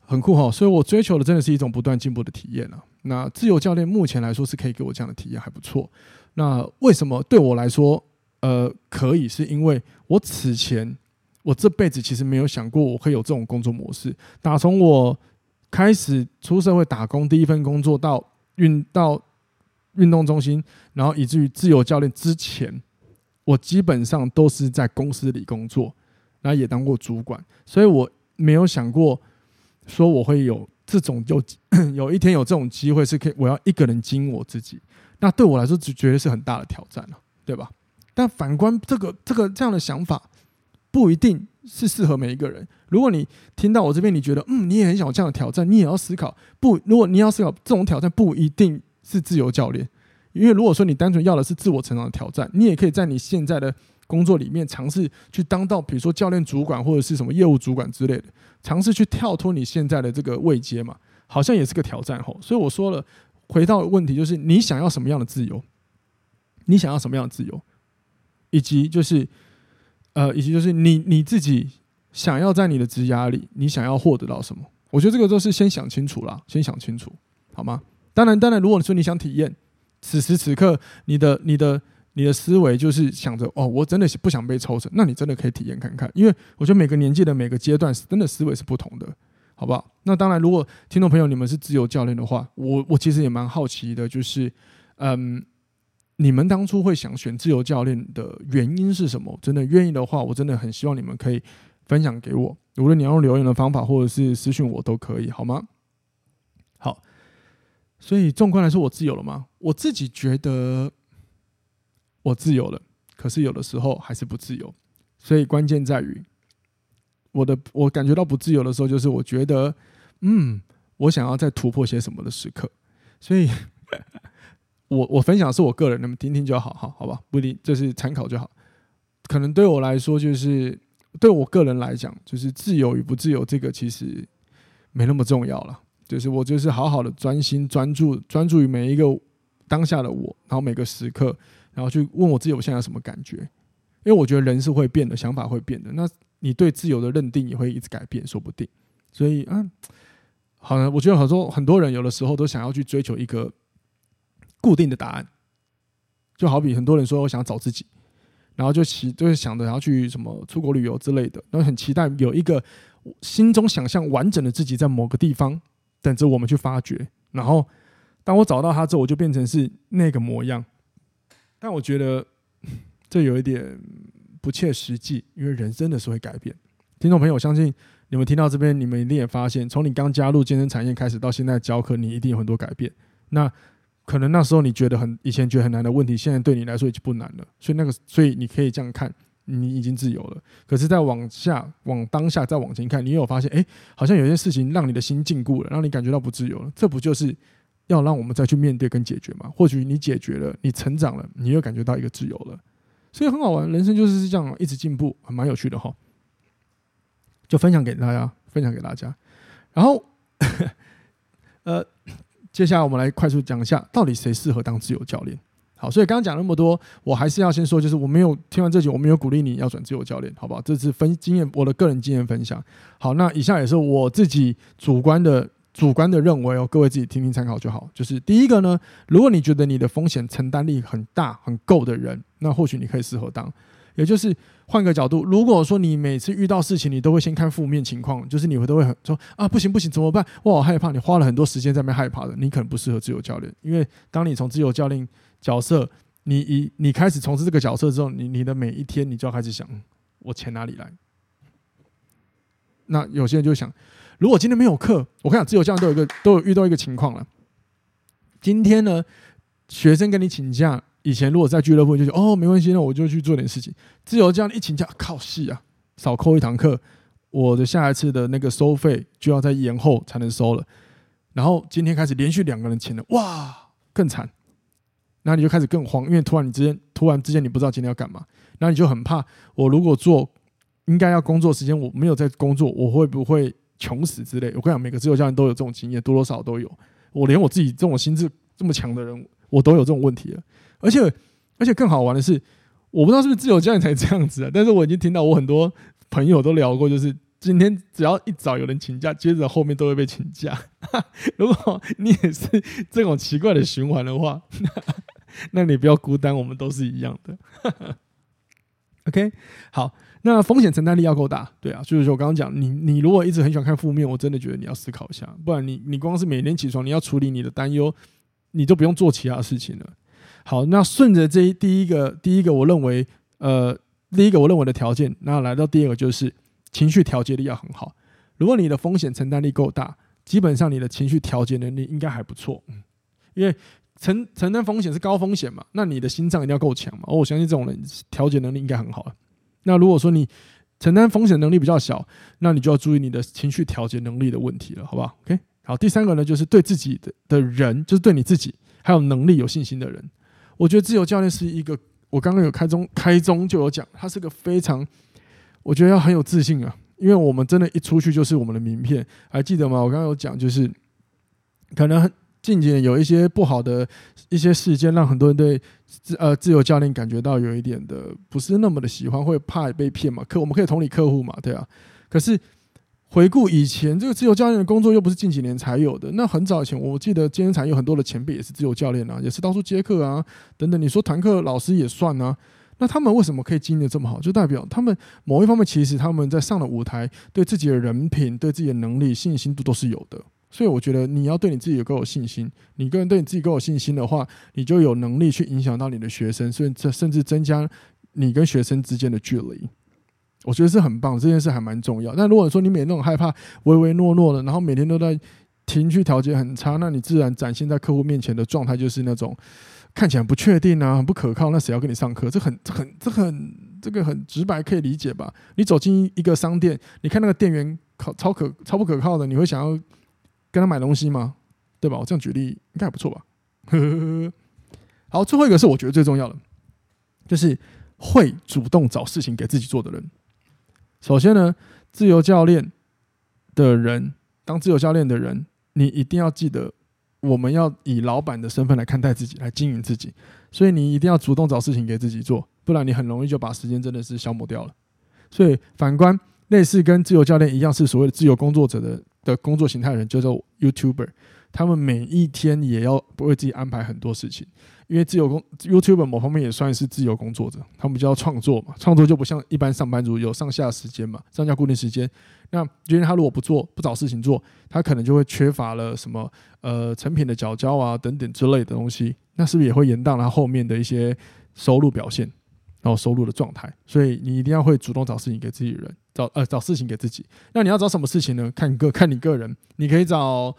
很酷哈。所以我追求的真的是一種不斷進步的體驗啊。那自由教練目前來說是可以給我這樣的體驗還不錯。那為什麼對我來說，呃，可以是因為我此前。我這輩子其實沒有想過，我會有這種工作模式。打從我開始出社會打工，第一份工作到運到運動中心，然後以至於自由教練之前，我基本上都是在公司裡工作，然後也當過主管，所以我沒有想過說我會有這種有有一天有這種機會是可以，我要一個人經營我自己。那對我來說，就絕對是很大的挑戰了，對吧？但反觀這個這個這樣的想法。不一定是適合每一個人。如果你聽到我這邊，你覺得嗯，你也很想有這樣的挑戰，你也要思考。不，如果你要思考這種挑戰，不一定是自由教練。因為如果說你單純要的是自我成長的挑戰，你也可以在你現在的工作裡面嘗試去當到，比如說教練主管或者是什麼業務主管之類的，嘗試去跳脫你現在的這個位階嘛，好像也是個挑戰吼。所以我說了，回到問題就是你想要什麼樣的自由？你想要什麼樣的自由？以及就是。呃，以及就是你你自己想要在你的職涯裡，你想要獲得到什麼？我覺得這個都是先想清楚啦，先想清楚，好嗎？當然，當然，如果說你想體驗，此時此刻你的你的你的思維就是想着哦，我真的不想被抽成，那你真的可以體驗看看。因為我覺得每個年紀的每個階段，真的思維是不同的，好不好？那當然，如果聽眾朋友你們是自由教練的話，我我其實也蠻好奇的，就是嗯。你們當初會想選自由教練的原因是什麼？真的願意的話，我真的很希望你們可以分享給我。無論你要用留言的方法，或者是私訊我都可以，好嗎？好。所以，縱觀來說，我自由了嗎？我自己覺得我自由了，可是有的時候還是不自由。所以，關鍵在於我的我感覺到不自由的時候，就是我覺得，嗯，我想要再突破些什麼的時刻。所以。我我分享的是我個人，那麼聽聽就好，哈，好吧，不一定，這、就是參考就好。可能對我來說，就是對我個人來講，就是自由與不自由，這個其實沒那麼重要了。就是我就是好好的專心專注專注於每一個當下的我，然後每個時刻，然後去問我自己我現在有什麼感覺。因為我覺得人是會變的，想法會變的，那你對自由的認定也會一直改變，說不定。所以，嗯，好，我覺得很多很多人有的時候都想要去追求一個。固定的答案，就好比很多人說，我想找自己，然後就期就是想着想要去什麼出國旅遊之類的，然後很期待有一個心中想象完整的自己在某個地方等着我們去發掘。然後當我找到他之後，我就變成是那個模樣。但我覺得這有一點不切實際，因為人真的是會改變。聽眾朋友，我相信你們聽到這邊，你們一定也發現，從你剛加入健身產業開始到現在教課，你一定有很多改變。那可能那時候你覺得很以前覺得很難的問題，現在對你來說已經不難了，所以那個，所以你可以這樣看，你已經自由了。可是再往下往當下再往前看，你又有發現，欸，好像有些事情讓你的心禁錮了，讓你感覺到不自由了。這不就是要讓我們再去面對跟解決嗎？或許你解決了，你成長了，你又感覺到一個自由了。所以很好玩，人生就是這樣一直進步，還蠻有趣的哈。就分享給大家，分享給大家。然後， 呃。接下來我們來快速講一下，到底誰適合當自由教練？好，所以剛剛講那麼多，我還是要先說，就是我沒有聽完這集，我沒有鼓勵你要轉自由教練，好不好？這是分經驗，我的個人經驗分享。好，那以下也是我自己主觀的、主觀的認為哦、喔，各位自己聽聽參考就好。就是第一個呢，如果你覺得你的風險承擔力很大、很夠的人，那或許你可以適合當。也就是換個角度，如果說你每次遇到事情，你都會先看負面情況，就是你會都會很說啊，不行不行，怎麼辦？我好害怕。你花了很多時間在那邊害怕的，你可能不適合自由教練，因為當你從自由教練角色，你以你開始從事這個角色之後，你你的每一天，你就要開始想我錢哪裡來。那有些人就想，如果今天沒有課，我跟你講，自由教練都有一個都有遇到一個情況了，今天呢，學生跟你請假。以前如果在俱樂部，就是哦，沒關係，那我就去做點事情。自由教練一請假，靠戲啊，少扣一堂課，我的下一次的那個收費就要再延後才能收了。然後今天開始連續兩個人請了，哇，更慘。那你就開始更慌，因為突然你之間突然之間你不知道今天要幹嘛，那你就很怕。我如果做應該要工作時間，我沒有在工作，我會不會窮死之類的？我跟你講，每個自由教練都有這種經驗，多多少都有。我連我自己這種心智這麼強的人，我都有這種問題了。而且，而且更好玩的是，我不知道是不是只有這樣才這樣子啊。但是我已經聽到我很多朋友都聊過，就是今天只要一早有人請假，接着後面都會被請假呵呵。如果你也是這種奇怪的循環的話那，那你不要孤單，我們都是一樣的。呵呵 OK，好，那風險承擔力要夠大，對啊，就是我剛剛講，你你如果一直很喜歡看負面，我真的覺得你要思考一下，不然你你光是每天起床你要處理你的擔憂，你就不用做其他的事情了。好，那順着這一第一個，第一個我認為，呃，第一個我認為的條件，那來到第二個就是情緒調節力要很好。如果你的風險承擔力夠大，基本上你的情緒調節能力應該還不錯，嗯，因為承承擔風險是高風險嘛，那你的心臟一定要夠強嘛。而、哦、我相信這種人調節能力應該很好。那如果說你承擔風險能力比較小，那你就要注意你的情緒調節能力的問題了，好不好？OK，好，第三個呢，就是對自己的的人，就是對你自己還有能力有信心的人。我覺得自由教練是一個，我剛剛有開中開中就有講，他是個非常，我覺得要很有自信啊，因為我們真的，一出去就是我們的名片，還記得嗎？我剛剛有講，就是可能近幾年有一些不好的一些事件，讓很多人對自呃自由教練感覺到有一點的不是那麼的喜歡，會怕被騙嘛。可我們可以同理客戶嘛。對啊，可是，回顧以前，這個自由教練的工作又不是近幾年才有的。那很早以前，我記得今天才有很多的前輩也是自由教練啊，也是到處接客啊，等等。你說團課老師也算啊？那他們為什麼可以經營的這麼好？就代表他們某一方面，其實他們在上了舞台，對自己的人品、對自己的能力、信心度都是有的。所以我覺得你要對你自己夠有，有信心，你個人對你自己夠有信心的話，你就有能力去影響到你的學生，所以這甚至增加你跟學生之間的距離。我覺得是很棒，這件事還蠻重要。但如果說你每天都很害怕、唯唯諾諾的，然後每天都在情緒調節很差，那你自然展現在客戶面前的狀態就是那種看起來不確定啊、很不可靠。那誰要跟你上課？這很、這很、這很、這個很直白，可以理解吧？你走進一個商店，你看那個店員靠超可超不可靠的，你會想要跟他買東西嗎？對吧？我這樣舉例應該還不錯吧？ 好，最後一個是我覺得最重要的，就是會主動找事情給自己做的人。首先呢，自由教練的人，當自由教練的人，你一定要記得，我們要以老闆的身份來看待自己，來經營自己。所以你一定要主動找事情給自己做，不然你很容易就把時間真的是消磨掉了。所以反觀類似跟自由教練一樣是所謂的自由工作者的的工作形態的人，就叫 YouTuber，他們每一天也要為自己安排很多事情，因為自由工 YouTube 某方面也算是自由工作者，他們比較創作嘛，創作就不像一般上班族有上下時間嘛，上下固定時間。那因為他如果不做，不找事情做，他可能就會缺乏了什麼呃成品的角膠啊等等之類的東西，那是不是也會延宕他後面的一些收入表現，然後收入的狀態？所以你一定要會主動找事情給自己人，找呃找事情給自己。那你要找什麼事情呢？看個看你個人，你可以找，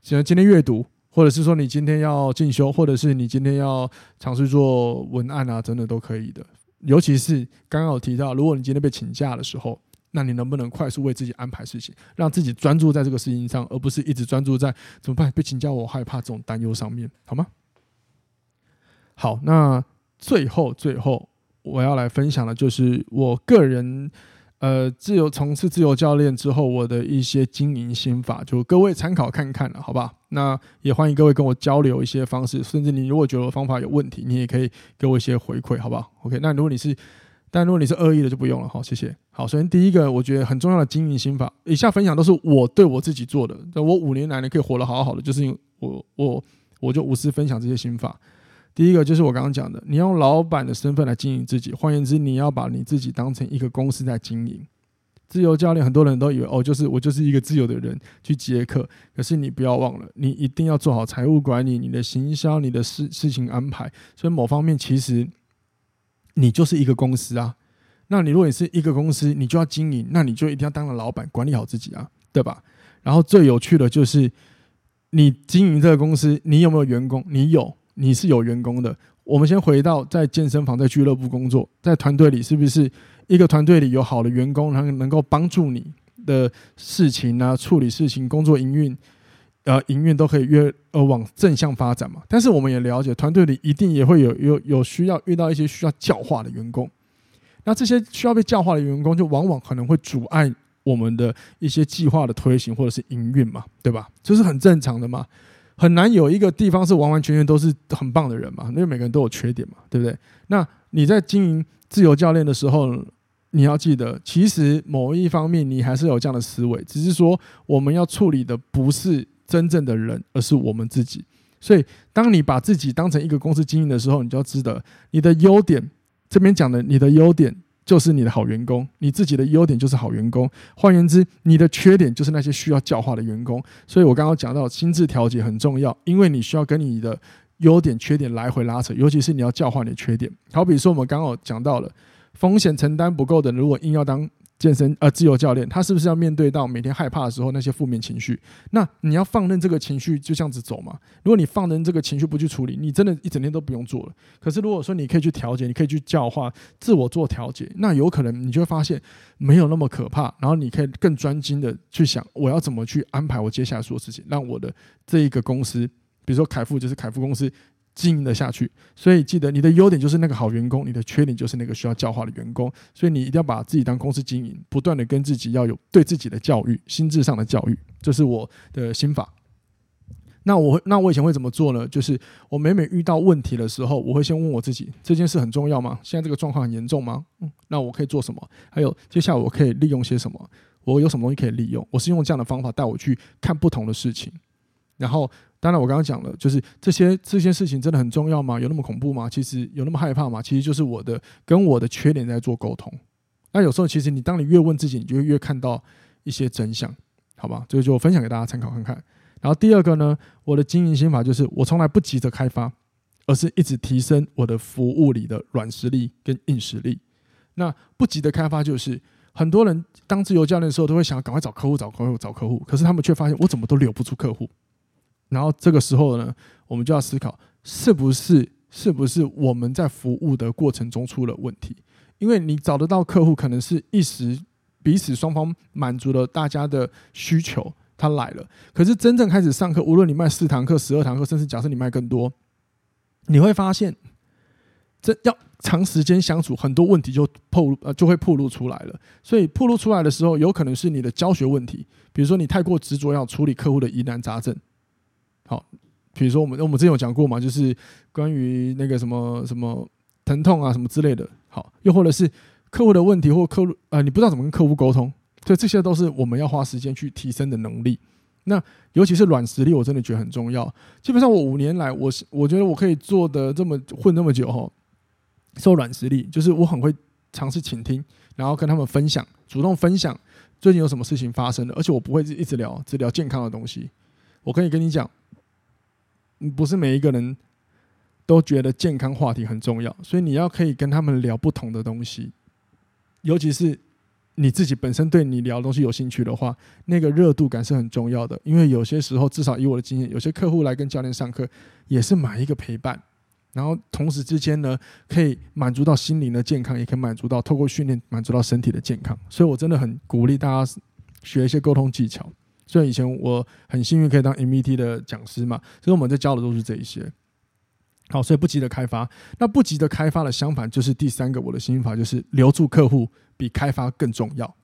像今天閱讀。或者是說你今天要進修，或者是你今天要嘗試做文案啊，等等都可以的。尤其是剛剛有提到，如果你今天被請假的時候，那你能不能快速為自己安排事情，讓自己專注在這個事情上，而不是一直專注在怎麼辦？被請假我害怕這種擔憂上面，好嗎？好，那最後最後我要來分享的就是我個人。呃，自由從事自由教練之後，我的一些經營心法，就各位參考看看了，啊，好吧？那也歡迎各位跟我交流一些方式，甚至你如果覺得我方法有問題，你也可以給我一些回饋，好不好？OK？那如果你是，但如果你是惡意的就不用了，好，謝謝。好，首先第一個我覺得很重要的經營心法，以下分享都是我對我自己做的，在我五年來你可以活得好好的，就是因為我我我就無私分享這些心法。第一個就是我剛剛講的，你要用老闆的身份來經營自己。換言之，你要把你自己當成一個公司在經營。自由教練很多人都以為哦，就是我就是一個自由的人去接客，可是你不要忘了，你一定要做好財務管理、你的行銷、你的事事情安排。所以某方面其實你就是一個公司啊。那你如果你是一個公司，你就要經營，那你就一定要當個老闆，管理好自己啊，對吧？然後最有趣的就是你經營這個公司，你有沒有員工？你有。你是有員工的，我們先回到在健身房、在俱樂部工作，在團隊裡是不是一個團隊裡有好的員工，然後能夠幫助你的事情啊，處理事情、工作營運，呃，營運都可以越呃往正向發展嘛。但是我們也了解，團隊裡一定也會有有有需要遇到一些需要教化的員工，那這些需要被教化的員工，就往往可能會阻礙我們的一些計劃的推行或者是營運嘛，對吧？這，就是很正常的嘛。很難有一個地方是完完全全都是很棒的人嘛，因為每個人都有缺點嘛，對不對？那你在經營自由教練的時候，你要記得，其實某一方面你還是有這樣的思維，只是說我們要處理的不是真正的人，而是我們自己。所以，當你把自己當成一個公司經營的時候，你就要知道你的優點，這邊講的你的優點。就是你的好員工，你自己的優點就是好員工。換言之，你的缺點就是那些需要教化的員工。所以，我剛剛講到心智調節很重要，因為你需要跟你的優點、缺點來回拉扯，尤其是你要教化你的缺點。好比說，我們剛剛講到了風險承擔不夠的，如果硬要當。健身呃，自由教練，他是不是要面對到每天害怕的時候那些負面情緒？那你要放任這個情緒就這樣子走嘛？如果你放任這個情緒不去處理，你真的一整天都不用做了。可是如果說你可以去調節，你可以去教化自我做調節，那有可能你就會發現沒有那麼可怕。然後你可以更專心的去想，我要怎麼去安排我接下來做事情，讓我的這一個公司，比如說楷富，就是楷富公司，經營得下去，所以記得你的優點就是那個好員工，你的缺點就是那個需要教化的員工。所以你一定要把自己當公司經營，不斷的跟自己要有對自己的教育，心智上的教育，這是我的心法。那我會，那我以前會怎麼做呢？就是我每每遇到問題的時候，我會先問我自己：這件事很重要嗎？現在這個狀況很嚴重嗎？嗯，那我可以做什麼？還有，接下來我可以利用些什麼？我有什麼東西可以利用？我是用這樣的方法帶我去看不同的事情，然後。當然，我剛剛講了，就是這些這些事情真的很重要嗎？有那麼恐怖嗎？其實有那麼害怕嗎？其實就是我的跟我的缺點在做溝通。那有時候，其實你當你越問自己，你就越看到一些真相，好吧？這個就分享給大家參考看看。然後第二個呢，我的經營心法就是我從來不急着開發，而是一直提升我的服務裡的軟實力跟硬實力。那不急着開發，就是很多人當自由教練的時候都會想趕快找客戶，找客戶，找客戶，找客戶，可是他們卻發現我怎麼都留不住客戶。然後這個時候呢，我們就要思考，是不是是不是我們在服務的過程中出了問題？因為你找得到客戶，可能是一時彼此雙方滿足了大家的需求，他來了。可是真正開始上課，無論你賣四堂課、十二堂課，甚至假設你賣更多，你會發現，這要長時間相處，很多問題就露呃就會暴露出來了。所以暴露出來的時候，有可能是你的教學問題，比如說你太過執着要處理客戶的疑難雜症。好，比如說我們我們之前有講過嘛，就是關於那個什麼什麼疼痛啊什麼之類的。好，又或者是客戶的問題或客戶，呃，你不知道怎麼跟客戶溝通，所以這些都是我們要花時間去提升的能力。那尤其是軟實力，我真的覺得很重要。基本上我五年來，我是我覺得我可以做得這麼混那麼久哈、喔，靠軟實力，就是我很會嘗試傾聽，然後跟他們分享，主動分享最近有什麼事情發生的，而且我不會一直聊只聊健康的東西。我可以跟你講，不是每一個人都覺得健康話題很重要，所以你要可以跟他們聊不同的東西，尤其是你自己本身對你聊的東西有興趣的話，那個熱度感是很重要的。因為有些時候，至少以我的經驗，有些客戶來跟教練上課，也是買一個陪伴，然後同時之間呢，可以滿足到心靈的健康，也可以滿足到透過訓練滿足到身體的健康。所以，我真的很鼓勵大家學一些溝通技巧。所以以前我很幸運可以當 MVT 的講師嘛，所以我們在教的都是這一些。好，所以不急着開發，那不急着開發的，相反就是第三個我的心法，就是留住客戶比開發更重要。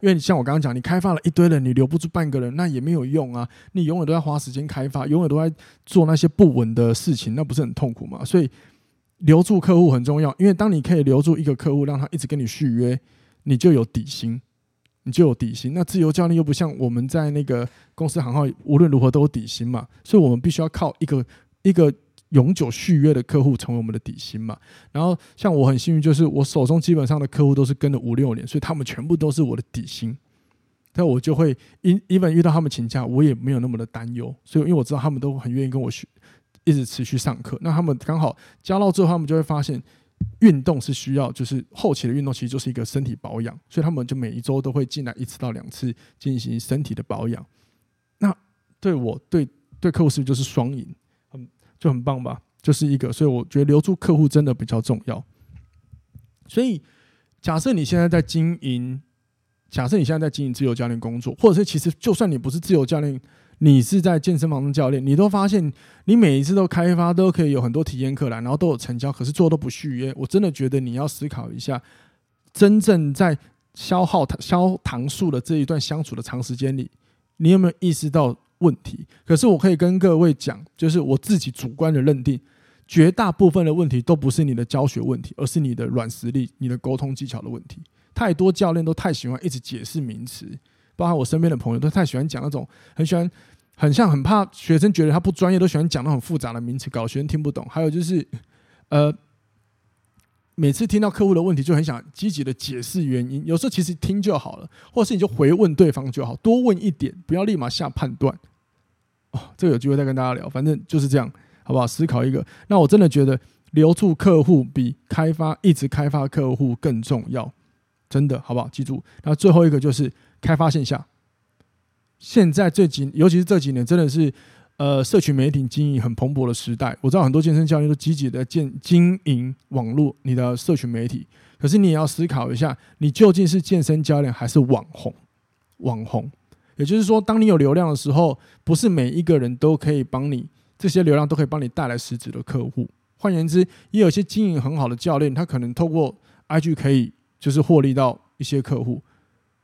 因為像我剛剛講，你開發了一堆人，你留不住半個人，那也沒有用啊。你永遠都在花時間開發，永遠都在做那些不穩的事情，那不是很痛苦嗎？所以留住客戶很重要，因為當你可以留住一個客戶，讓他一直跟你續約，你就有底薪。就有底薪，那自由教練又不像我們在那個公司行號，無論如何都有底薪嘛，所以我們必須要靠一個一個永久續約的客戶成為我們的底薪嘛。然後像我很幸運，就是我手中基本上的客戶都是跟了五六年，所以他們全部都是我的底薪。那我就會，even 遇到他們請假，我也沒有那麼的擔憂。所以，因為我知道他們都很願意跟我續，一直持續上課。那他們剛好加到之後，他們就會發現。運動是需要，就是後期的運動其實就是一個身體保養，所以他們就每一週都會進來一次到兩次進行身體的保養。那對我對、對客戶是不是就是雙贏？嗯，就很棒吧，就是一個。所以我覺得留住客戶真的比較重要。所以假設你現在在經營，假設你現在在經營自由教練工作，或者是其實就算你不是自由教練，你是在健身房的教練，你都發現你每一次都開發都可以有很多體驗課來，然後都有成交，可是做都不續約。我真的覺得你要思考一下，真正在消耗糖、消糖素的這一段相處的長時間裡，你有沒有意識到問題？可是我可以跟各位講，就是我自己主觀的認定，絕大部分的問題都不是你的教學問題，而是你的軟實力、你的溝通技巧的問題。太多教練都太喜歡一直解釋名詞，包括我身邊的朋友都太喜歡講那種很喜歡。很像很怕學生覺得他不專業，都喜歡講很複雜的名詞，搞學生聽不懂。還有就是，呃，每次聽到客戶的問題，就很想積極的解釋原因。有時候其實聽就好了，或是你就回問對方就好，多問一點，不要立馬下判斷。哦，這個有機會再跟大家聊，反正就是這樣，好不好？思考一個。那我真的覺得留住客戶比開發一直開發客戶更重要，真的，好不好？記住。那最後一個就是開發線下。現在最近，尤其是這幾年，真的是，呃，社群媒體經營很蓬勃的時代。我知道很多健身教練都積極的在建經營網絡，你的社群媒體。可是你也要思考一下，你究竟是健身教練還是網紅？網紅，也就是說，當你有流量的時候，不是每一個人都可以幫你，這些流量都可以幫你帶來實質的客戶。換言之，也有一些經營很好的教練，他可能透過 IG 可以就是獲利到一些客戶。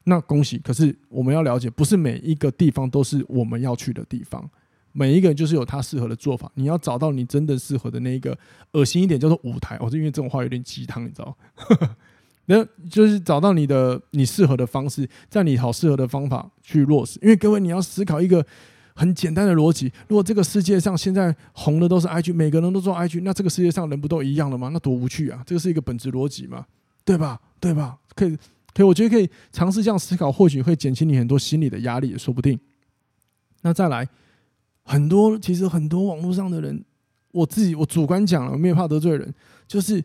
那恭喜！可是我們要了解，不是每一個地方都是我們要去的地方。每一個人就是有他適合的做法，你要找到你真的適合的那一個。噁心一點叫做舞台，我、哦、是因為這種話有點雞湯，你知道嗎？那 就是找到你的你適合的方式，在你好適合的方法去落實。因為各位你要思考一個很簡單的邏輯，如果這個世界上現在紅的都是 IG，每個人都做 IG，那這個世界上人不都一樣了嗎？那多無趣啊！這個是一個本質邏輯嘛，對吧？對吧？可以。對，我覺得可以嘗試這樣思考，或許會減輕你很多心理的壓力，也說不定。那再來，很多其實很多網絡上的人，我自己我主觀講了，我沒有怕得罪人，就是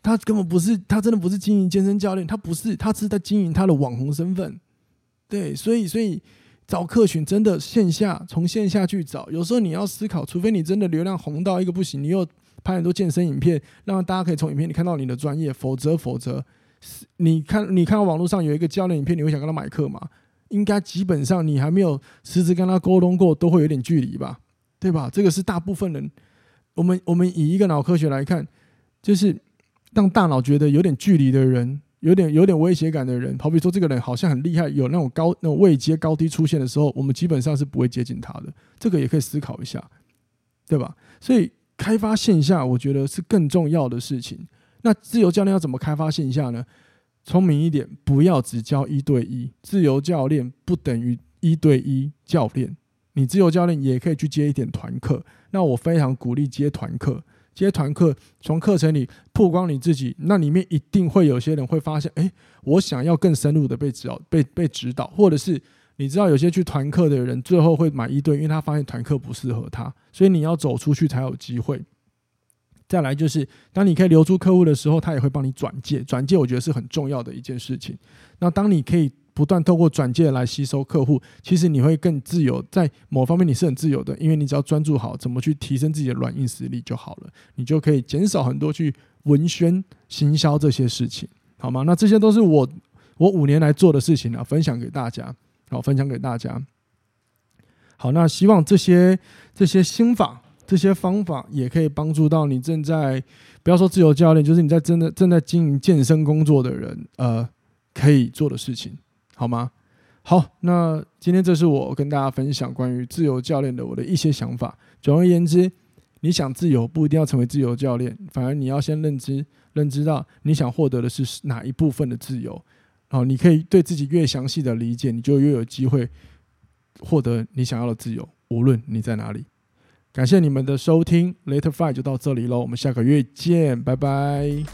他根本不是，他真的不是經營健身教練，他不是，他是在經營他的網紅身份。對，所以所以找客群真的線下從線下去找，有時候你要思考，除非你真的流量紅到一個不行，你又拍很多健身影片，讓大家可以從影片裡看到你的專業，否則否則。你看，你看到網絡上有一個教練影片，你會想跟他買課嗎？應該基本上你還沒有實質跟他溝通過，都會有點距離吧，對吧？這個是大部分人。我們我們以一個腦科學來看，就是讓大腦覺得有點距離的人，有點有點威脅感的人，好比說這個人好像很厲害，有那種高那種位階高低出現的時候，我們基本上是不會接近他的。這個也可以思考一下，對吧？所以開發線下，我覺得是更重要的事情。那自由教練要怎麼開發線下呢？聰明一點，不要只教一對一。自由教練不等於一對一教練，你自由教練也可以去接一點團課。那我非常鼓勵接團課，接團課從課程裡曝光你自己，那裡面一定會有些人會發現，哎、欸，我想要更深入的被指導，被被指導，或者是你知道有些去團課的人最後會買一對一，因為他發現團課不適合他，所以你要走出去才有機會。再來就是，當你可以留住客戶的時候，他也會幫你轉介。轉介我覺得是很重要的一件事情。那當你可以不斷透過轉介來吸收客戶，其實你會更自由。在某方面你是很自由的，因為你只要專注好怎麼去提升自己的軟硬實力就好了，你就可以減少很多去文宣行銷這些事情，好嗎？那這些都是我我五年來做的事情啊，分享給大家。好，分享給大家。好，那希望這些這些心法，這些方法也可以幫助到你正在，不要說自由教練，就是你在真的正在經營健身工作的人，呃，可以做的事情，好嗎？好，那今天這是我跟大家分享關於自由教練的我的一些想法。總而言之，你想自由，不一定要成為自由教練，反而你要先認知，認知到你想獲得的是哪一部分的自由。然後你可以對自己越詳細的理解，你就越有機會獲得你想要的自由，無論你在哪裡。感謝你們的收聽，Letter 5就到這裡嘍，我們下個月見，拜拜。